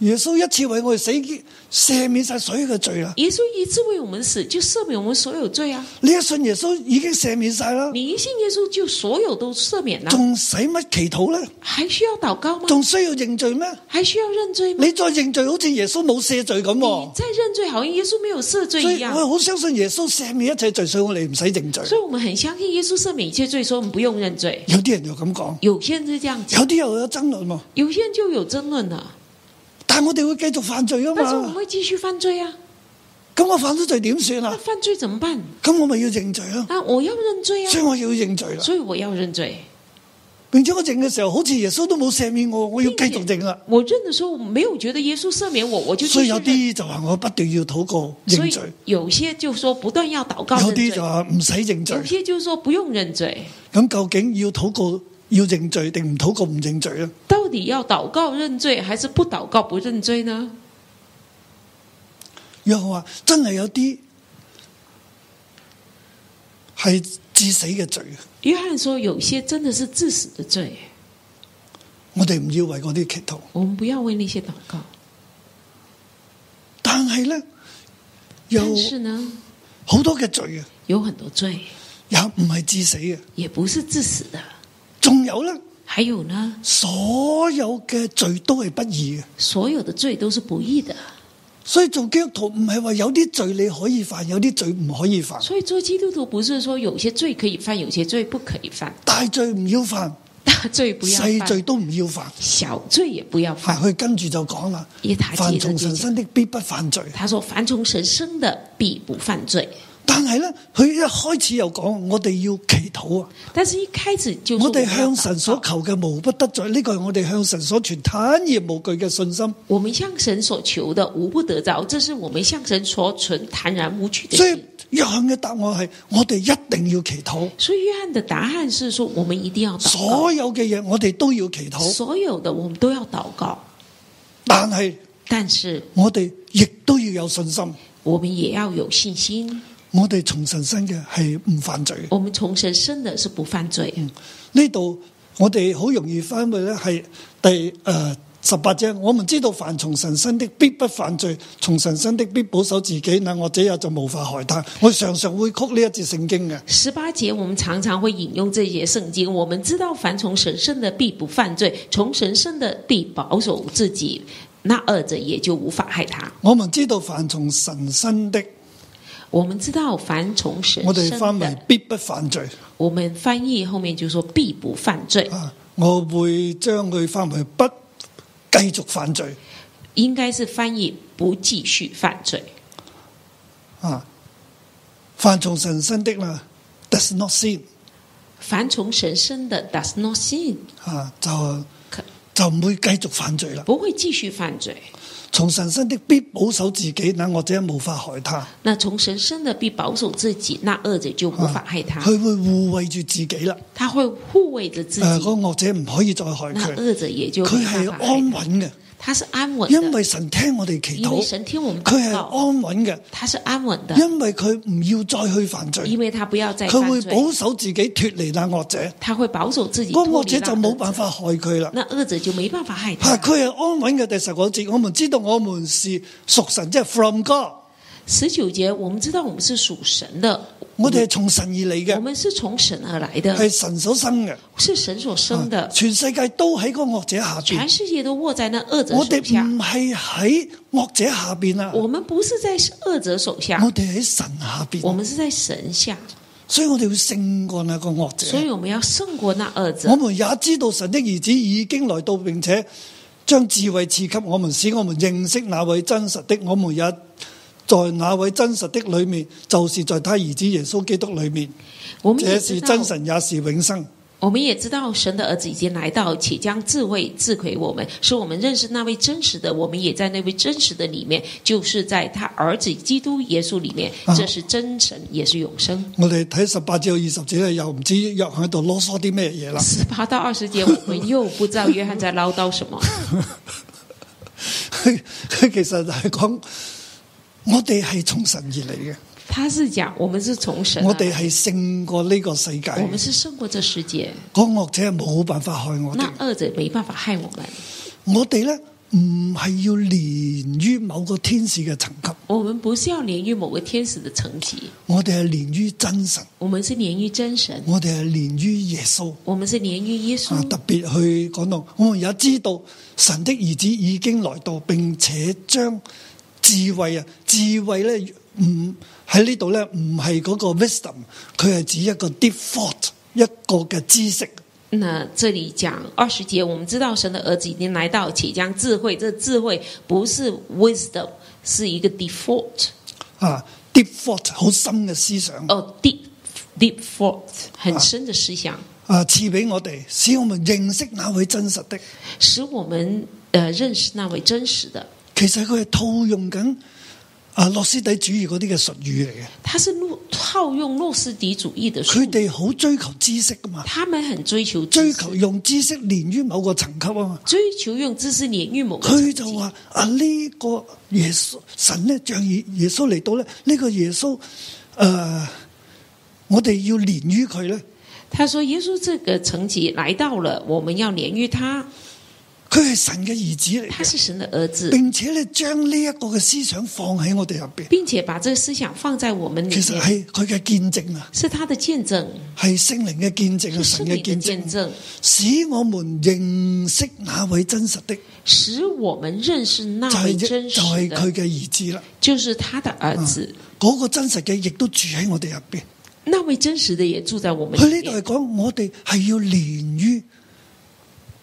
耶穌一次為我們死，赦免晒所有罪啦。耶穌一次為我們死，就赦免我們所有罪啊！你一信耶穌已經赦免晒啦。你一信耶穌就所有都赦免啦。仲使乜祈禱呢？還需要禱告嗎？仲需要認罪咩？還需要認罪嗎？你再認罪，好似耶穌冇赦罪咁。你再認罪，好像耶穌沒有赦罪一樣。你好有一樣，我好相信耶穌赦免一切罪，所以我哋唔使認罪。所以我們很相信耶穌赦免一切罪，所以我們不用認罪。有啲人就咁講，有些人就是這樣，有啲人有爭論嘛。有些人就有爭論啦。但我哋會繼續犯罪啊嘛！但係我會繼續犯罪啊！咁我犯咗罪點算啊？犯罪怎麼辦？咁我咪要認罪咯！啊，我要認罪啊！所以我要認罪。所以我要認罪，並且我認嘅時候，好似耶穌都冇赦免我，我要繼續認啊！我認的時候，我沒有覺得耶穌赦免我，我就認。所以有啲就話我不斷，就不斷要禱告認罪，有些就說不斷要禱告，有啲就話唔使認罪，有些就說不用認罪。咁究竟要禱告？要認罪定唔禱告唔認罪啊？到底要禱告認罪，還是不禱告不認罪呢？約翰話：真係有啲係致死嘅罪。約翰說：有些真的是致死嘅罪。我哋唔要為嗰啲祈禱。我們不要為那些禱告、告。但係呢，有呢？好多嘅罪啊，有很多罪，也唔係致死嘅，也不是致死嘅。仲有呢？還有呢？所有嘅罪都係不義嘅。所有的罪都是不義嘅。所以做基督徒唔係話有啲罪你可以犯，有啲罪唔可以犯。所以做基督徒不是說有些罪可以犯，有些罪不可以犯。大罪唔要犯，大罪不要犯，細罪都唔要犯，小罪也不要犯。佢跟住就，就講啦，凡從神生的必不犯罪。他說：凡從神生的必不犯罪。但係咧，佢一開始又講我哋要祈禱啊！但係一開始，就說，我哋向神所求嘅無不得着，呢個係我哋向神所存坦然無懼嘅信心。我們向神所求嘅無不得着，即是，是我們向神所存坦然無懼的心。所以約翰嘅答案係：我哋一定要祈禱。所以約翰嘅答案是說：我們一定要禱告。所有嘅嘢我哋都要祈禱。所有嘅，我們都要禱告。但係，但是，但是我哋亦都要有信心。我哋也要有信心。我哋從神生嘅係唔犯罪。我們從神生的，是不犯罪。呢、嗯、度我哋好容易翻到咧，係第誒十八節。我們知道凡從神生的必不犯罪，從神生的必保守自己，那我這日就無法害他。我常常會曲呢一節聖經嘅。十八節，我們常常會引用這節聖經。我們知道凡從神生的必不犯罪，從神生的必保守自己，那二者也就無法害他。我們知道凡從神生的。我們知道凡從神生的，我哋翻回必不犯罪。我們翻譯後面就說，必不犯罪。啊，我會將佢翻回不繼續犯罪。應該是翻譯不繼續犯罪。啊，凡從神生的啦，does not sin。凡從神生的，does not sin。啊，就就唔會繼續犯罪啦，不會繼續犯罪。從神生的必保守自己，那惡者無法害他。那從神生的必保守自己，那惡者就無法害他。佢會護衛住自己啦。他會護衛着，着自己。誒、呃，嗰個惡者唔可以再害佢。那惡者也就佢係安穩嘅。他是安穩的，因為神聽我哋祈禱，佢係安穩嘅。他是安穩的，因為佢唔要再去犯罪，因為他不要再。佢會保守自己脫離那惡者，他會保守自己，嗰惡者就冇辦法害佢了。那惡者就沒辦法害。他他，啊、是安穩的第十個字，我們知道我們是屬神，即係 from God。十九節，我們知道我們是屬神的，我哋係從神而嚟嘅，我們是從神而來的，係神，神所生嘅，是神所生的，全世界都喺個惡者下面，全世界都握在那惡者手下，我哋唔係喺惡者下邊，我們不是在惡者手下，我者手下，我哋喺神下面，我們是在神下，所以我們要勝過那個惡者，所以我們要勝過那惡者，我們也知道神的兒子已經來到，並且將智慧賜給我們，使我們認識那位真實的，我們也。在那位真實的裏面，就是在他兒子耶穌基督裏面。這是真神，也是永生我。我們也知道神的兒子已經來到，且將智慧賜給我們，使我們認識那位真實的。我們也在那位真實的裏面，就是在他兒子基督耶穌裏面。這是真神，也是永生。我哋睇十八至二十節又唔知約翰喺度囉嗦啲咩嘢啦。十八到二十節，我們又不知道約翰在嘮叨什麼。 其實就係講。.我哋係從神而嚟嘅。他是講我們是從神啊。我哋係勝過呢個世界。我們是勝過這世界。個惡者冇辦法害我。那惡者沒辦法害我們。我哋咧唔係要連於某個天使嘅層級。我們不是要連於某個天使的層級。我哋係連於真神。我們是連於真神。我哋係連於耶穌。我們是連於耶穌。啊，特別去講到，我們也知道神的兒子已經來到，並且將。智慧啊，智慧咧唔喺呢度咧唔係嗰個 wisdom，佢係指一個 deep thought 一個嘅知識。那這裏講二十節，我們知道神的兒子已經來到，且將智慧。這智慧不是 wisdom，是一個 deep thought 啊 deep thought 好深嘅思想哦，deep deep thought 很深嘅思想啊，賜、啊、俾我哋，使我們認識那位真實的，使我們誒認識那位真實的。其實佢係套用緊啊，諾斯底主義嗰啲嘅術語嚟嘅。他是套用諾斯底主義的術語。佢哋好追求知識噶嘛？他們很追求追求用知識連於某個層級啊嘛？追求用知識連於某個層級。佢就話啊呢、這個耶穌神咧，將耶穌嚟到咧，呢、這個耶穌誒、呃，我哋要連於佢咧。他說耶穌這個層級來到了，我們要連於他。佢係神嘅兒子嚟，佢他是神的兒子的，並且咧將呢一個嘅思想放喺我哋入邊，並且把這個思想放在我們裏面。其實係佢嘅見證啊，是他的見證，係聖靈嘅見證啊，神嘅見證，使我們認識那位真實的，使我們認識那位真實嘅就係佢嘅兒子啦，就是他的兒子。嗰個真實嘅亦都住喺我哋入邊，那位真實的也住在我們裏面。佢呢度係講我哋係要連於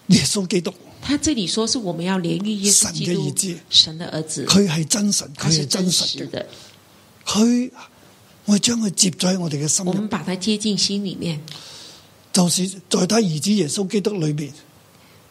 耶穌基督。他這裡說是我們要連遇耶穌，神的兒子，神的兒子，他是真神，佢係真實的，他我將佢接在我哋嘅心裡，我們把他接進心裡面，就是在他兒子耶穌基督裡面。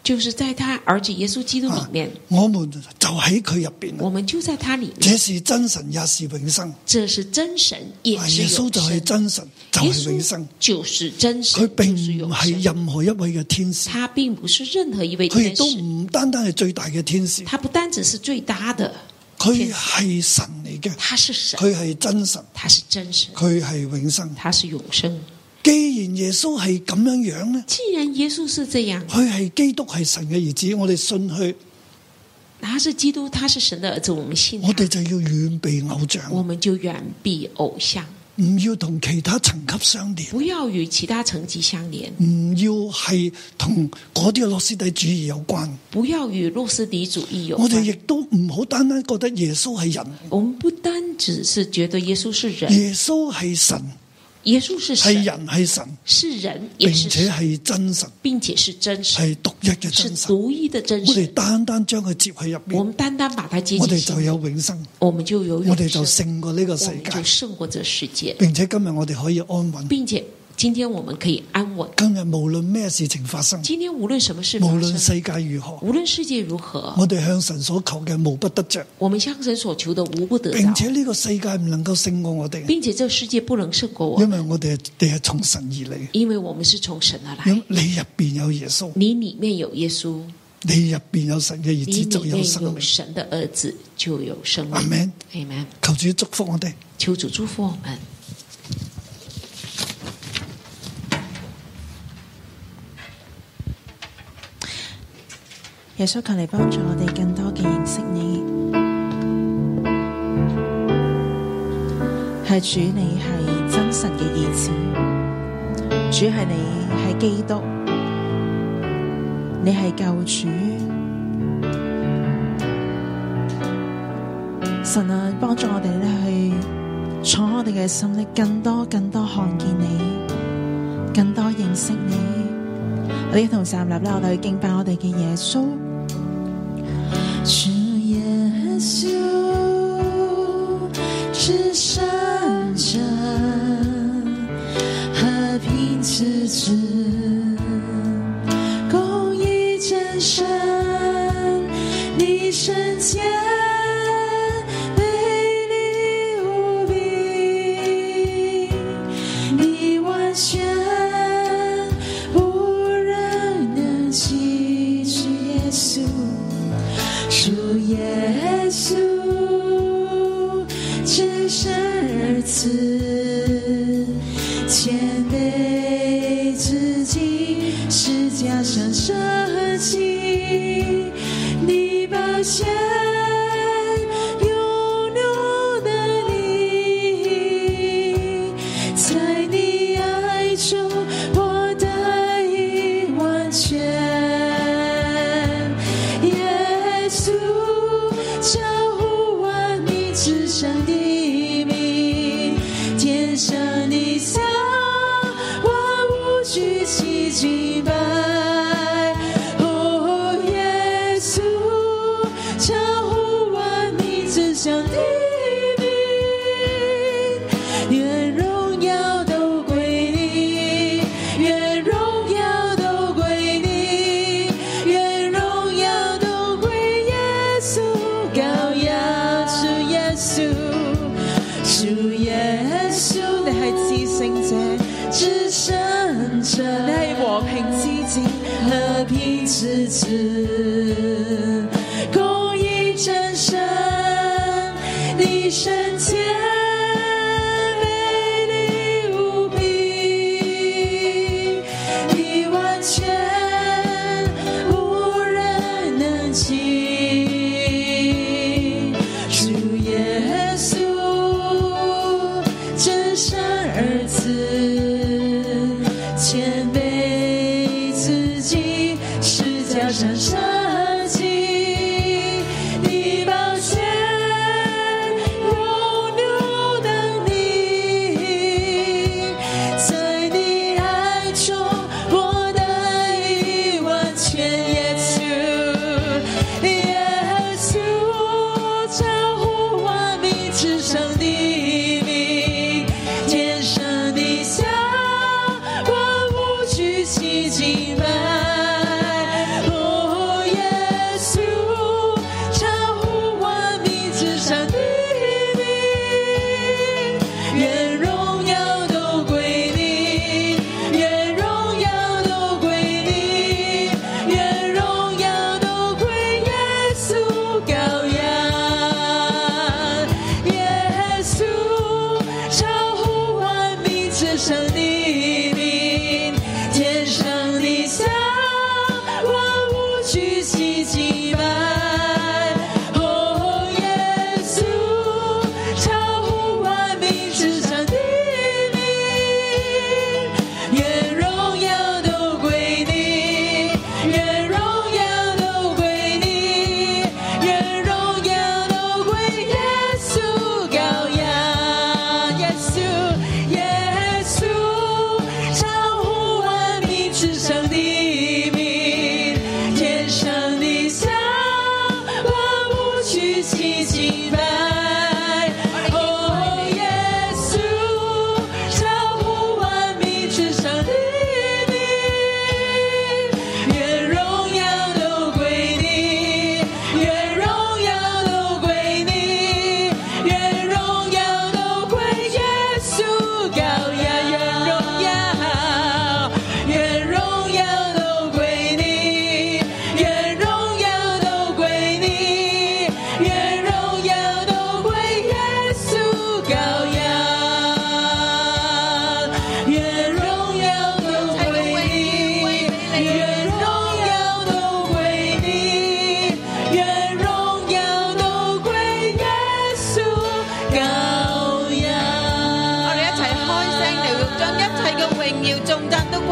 就是在他兒子耶穌基督裏面，我們就喺佢入邊，我們就在他裏面。這是真神也是永生，這是真神，耶穌就係真神，就係永生，就是真神。佢並唔係任何一位嘅天使，他並不是任何一位天使，佢亦都唔單單係最大嘅天使，他不單只是最大的，佢係神嚟嘅。他是神，佢係真神，他是真神，佢係永生，他是永生。既然耶穌係咁樣樣咧，既然耶穌是這樣，佢係基督係神嘅兒子，我哋信佢。他是基督，他是神的兒子，我們信他他他。我哋就要遠避偶像，我們就遠避偶像，唔要同其他層級相連，不要與其他層級相連，唔要係同嗰啲嘅諾斯底主義有關，不要與諾斯底主義有關。我哋亦都唔好單單覺得耶穌係人，我們不單只是覺得耶穌是人，耶穌係神。耶穌是神，是人，而且係真神，並且是真實，係獨一嘅真神，我哋單單將佢接喺入邊，我們單單把它接起，我哋就有永生，我們就有，我哋就勝過呢個世界，就勝過這世界，並且今日我哋可以安穩，並且。今天我們可以安穩。今日無論咩事情發生，今天無論什麼事發生，無論世界如何，無論世界如何，我哋向神所求嘅無不得着。我們向神所求的無不得着，並且呢個世界唔能夠勝過我哋，並且這世界不能勝過我，因為我哋哋係從神而嚟，因為我們是從神而嚟。而來你入邊有耶穌，你裏面有耶穌，你入邊有神嘅兒子就有生命。阿門，阿門。求主祝福我哋，求主祝福我們。耶穌，求你幫助我哋更多嘅認識你，係主你係真實嘅意思。主係你係基督，你係救主。神啊，幫助我哋咧去闖我哋嘅心裏，更多更多看見你，更多認識你。我哋一同站立啦，我哋去敬拜我哋嘅耶穌。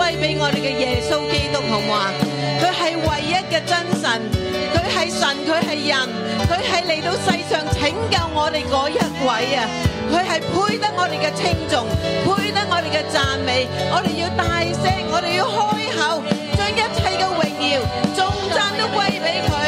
歸俾我哋嘅耶穌基督好唔好啊？佢係唯一嘅真神，佢係神，佢係人，佢係嚟到世上拯救我哋嗰一位啊！佢係配得我哋嘅稱頌，配得我哋嘅讚美，我哋要大聲，我哋要開口，將一切嘅榮耀、頌讚都歸俾佢。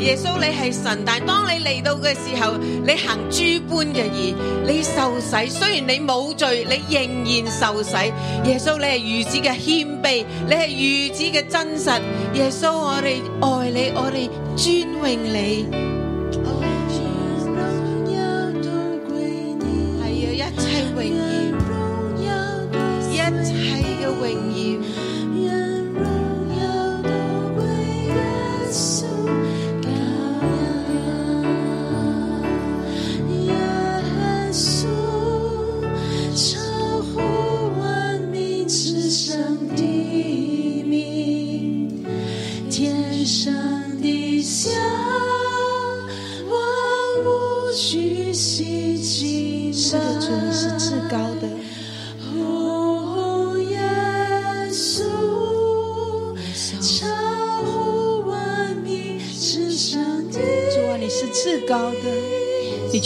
耶穌，你係神，但當你嚟到嘅時候，你行諸般嘅義，你受洗，雖然你冇罪，你仍然受洗。耶穌，你係如此嘅謙卑，你係如此嘅真實。耶穌，我哋愛你，我哋尊榮你。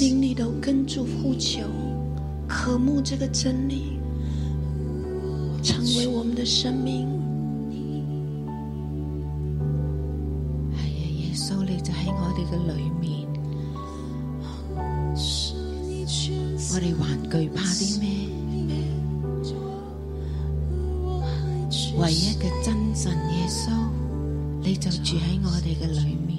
靈你都跟住呼求，渴慕這個真理，成為我們的生命。哎呀，耶穌你就喺我哋嘅裏面，啊、我哋還懼怕啲咩、啊？唯一嘅真神耶穌，你就住喺我哋嘅裏面。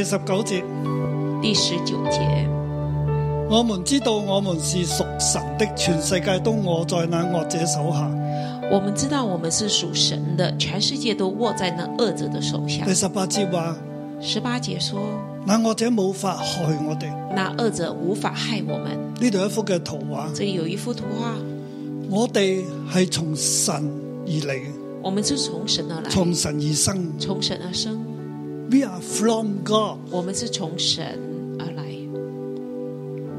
第十九節，第十九節，我們知道我們是屬神的，全世界都握在那惡者手下。我們知道我們是屬神的，全世界都握在那惡者的手下。第十八節話，十八節說，那惡者無法害我哋，那惡者無法害我們。呢度一幅嘅圖畫，這裏有一幅圖畫。我哋係從神而嚟嘅。我們是從神而來，從神而生，從神而生。We are from God。我們是從神而來。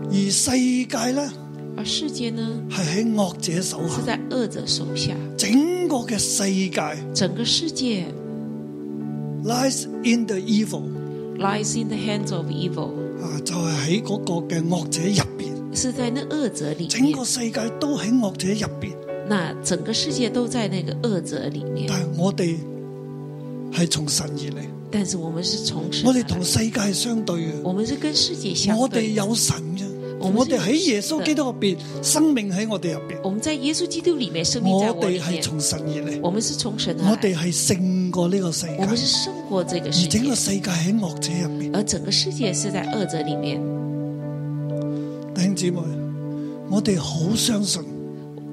而世界呢？而世界呢？係喺惡者手下，是在惡者手下。整個嘅世界，整個世界 lies in the evil, lies in the hands of evil。啊，就係喺嗰個嘅惡者入邊。是在那惡者裏。整個世界都喺惡者入邊。那整個世界都在那個惡者裏面。但係我哋係從神而來。但是我們是從我哋同世界係相對嘅。我們是跟世界相對，我哋有神嘅，我哋喺耶穌基督入邊，生命喺我哋入邊。我們在耶穌基督裏面，生命在我哋入邊。我哋係從神而嚟，我們是從神來。我哋係勝過呢個世界，我們是勝過這個世界。而整個世界喺惡者入邊，而整個世界是在惡者裏面。弟兄姊妹，我哋好相信。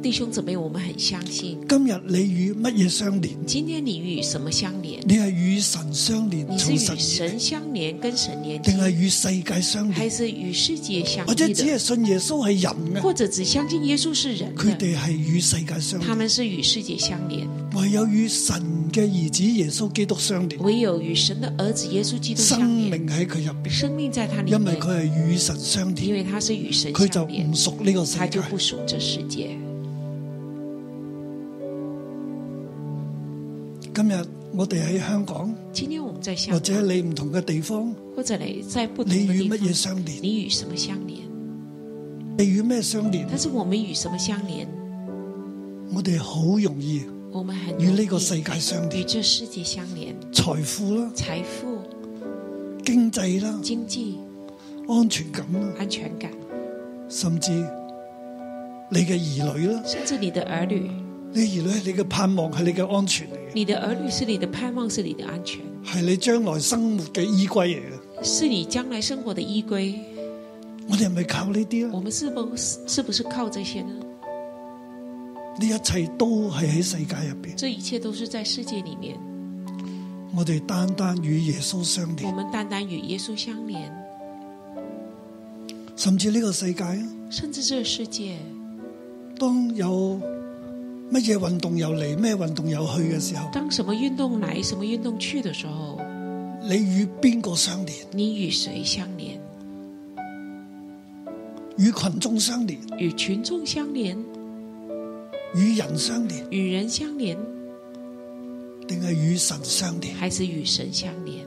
弟兄姊妹，我們很相信。今日你與乜嘢相連？今天你與什麼相連？你係與神相連。你是與神相連，跟神連。定係與世界相連？還是與世界相連？或者只係信耶穌係人呢？或者只相信耶穌是人？佢哋係與世界相連。他們是與世界相連。唯有與神嘅兒子耶穌基督相連。唯有與神嘅兒子耶穌基督相連。生命喺佢入邊。生命在他裏面。因為佢係與神相連。因為他是與神相連。佢就唔屬呢個世界。他就不屬這世界。今日我哋喺香港，今天我們在香港，或者你唔同嘅地方，或者你在不同的地方，你與乜嘢相連？你與什麼相連？你與咩相連？但是我們與什麼相連？我哋好容易，我們很與呢個世界相連，與這世界相連，財富啦，財富，經濟啦，經濟，安全感啦，安全感，甚至你嘅兒女啦，甚至你嘅兒女。你兒女係你嘅盼望，係你嘅安全嚟嘅。你的兒女是你的盼望，是你的安全，係你將來生活嘅依歸嚟嘅。是你將來生活的依歸。我哋係咪靠呢啲。我們是否是，是，是，是不是靠這些呢？呢一切都係喺世界入邊。這一切都是在世界裡面。我哋單單與耶穌相連。我們單單與耶穌相連。甚至呢個世界。甚至這個世界，當有。乜嘢運動又嚟，咩運動又去嘅時候？當什麼運動來，什麼運動去的時候，你與邊個相連？你與誰相連？與群眾相連？與群眾相連？與人相連？與人相連？定係與神相連？還是與神相連？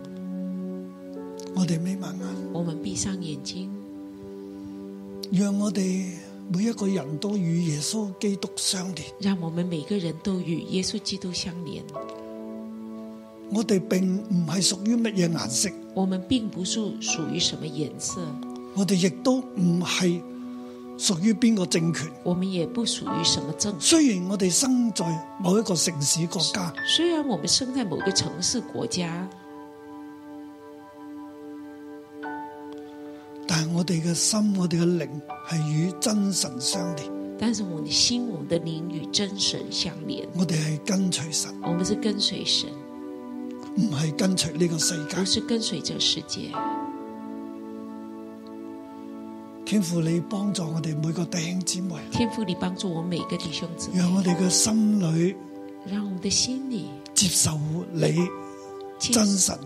我哋眯埋眼。我們閉上眼睛，讓我哋。每一個人都與耶穌基督相連，讓我們每個人都與耶穌基督相連。我哋並唔係屬於乜嘢顏色，我們並不是屬於什麼顏色。我哋亦都唔係屬於邊個政權，我們也不屬於什麼政權。雖然我哋生在某一個城市國家，雖然我們生在某個城市國家。我哋嘅心，我哋嘅靈係與真神相連。但是我哋心，我哋靈與真神相連。我哋係跟隨神，我們是跟隨神，唔係跟隨呢個世界。我是跟隨這世界。天父你幫助我哋每個弟兄姊妹。天父你幫助我每個弟兄姊妹。讓我哋嘅心裏，讓我們的心裏接受你真神，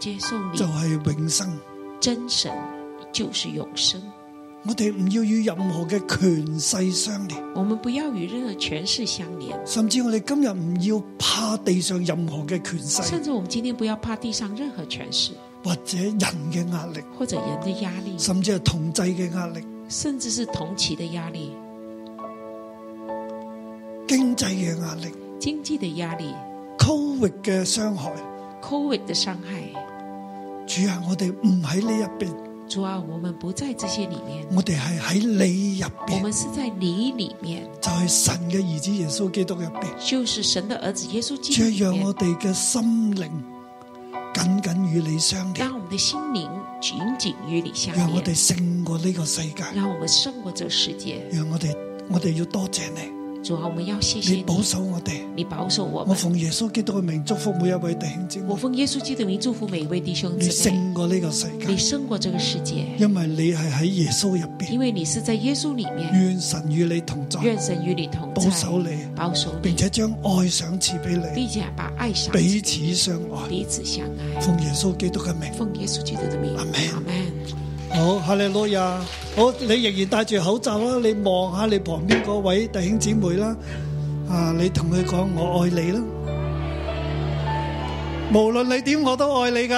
接受你。就係永生真神。就是就是永生，我哋唔要與任何嘅權勢相連。我們不要與任何權勢相連，甚至我哋今日唔要怕地上任何嘅權勢。甚至我們今天不要怕地上任何權勢，或者人嘅壓力，或者人嘅壓力，甚至係同濟嘅壓力，甚至是同期嘅壓、壓力，經濟嘅壓力，經濟嘅壓力，COVID 嘅傷害，COVID 嘅傷害。主要，我哋唔喺呢一邊。主啊，我們不在這些裏面。我哋係喺你入邊，我們是在你裏面，就係、是、神嘅兒子耶穌基督入邊。就是神的兒子耶穌基督。即係讓我哋嘅心靈緊緊與你相連。讓我們的心靈緊緊與你相連。讓我哋勝過呢個世界。讓我們勝過這世界。讓我哋，我哋要多謝你。主，我們要謝謝你保守我哋，你保守我。我奉耶穌基督嘅名祝福每一位弟兄姊妹。我奉耶穌基督嘅名祝福每一位弟兄姊妹。你勝過呢個世界，你勝過這個世界，因為你係喺耶穌入邊。因為你是在耶穌裏面。願神與你同在，願神與你同在。保守你，保守，並且將愛想賜俾你，並且把愛想彼此相愛，彼此相愛。奉耶穌基督嘅名，奉耶穌基督嘅名。阿門，阿門。好，哈利路亞！好，你仍然戴住口罩啦，你望下你旁邊嗰位弟兄姊妹啦，啊，你同佢講，我愛你啦，無論你點我都愛你㗎。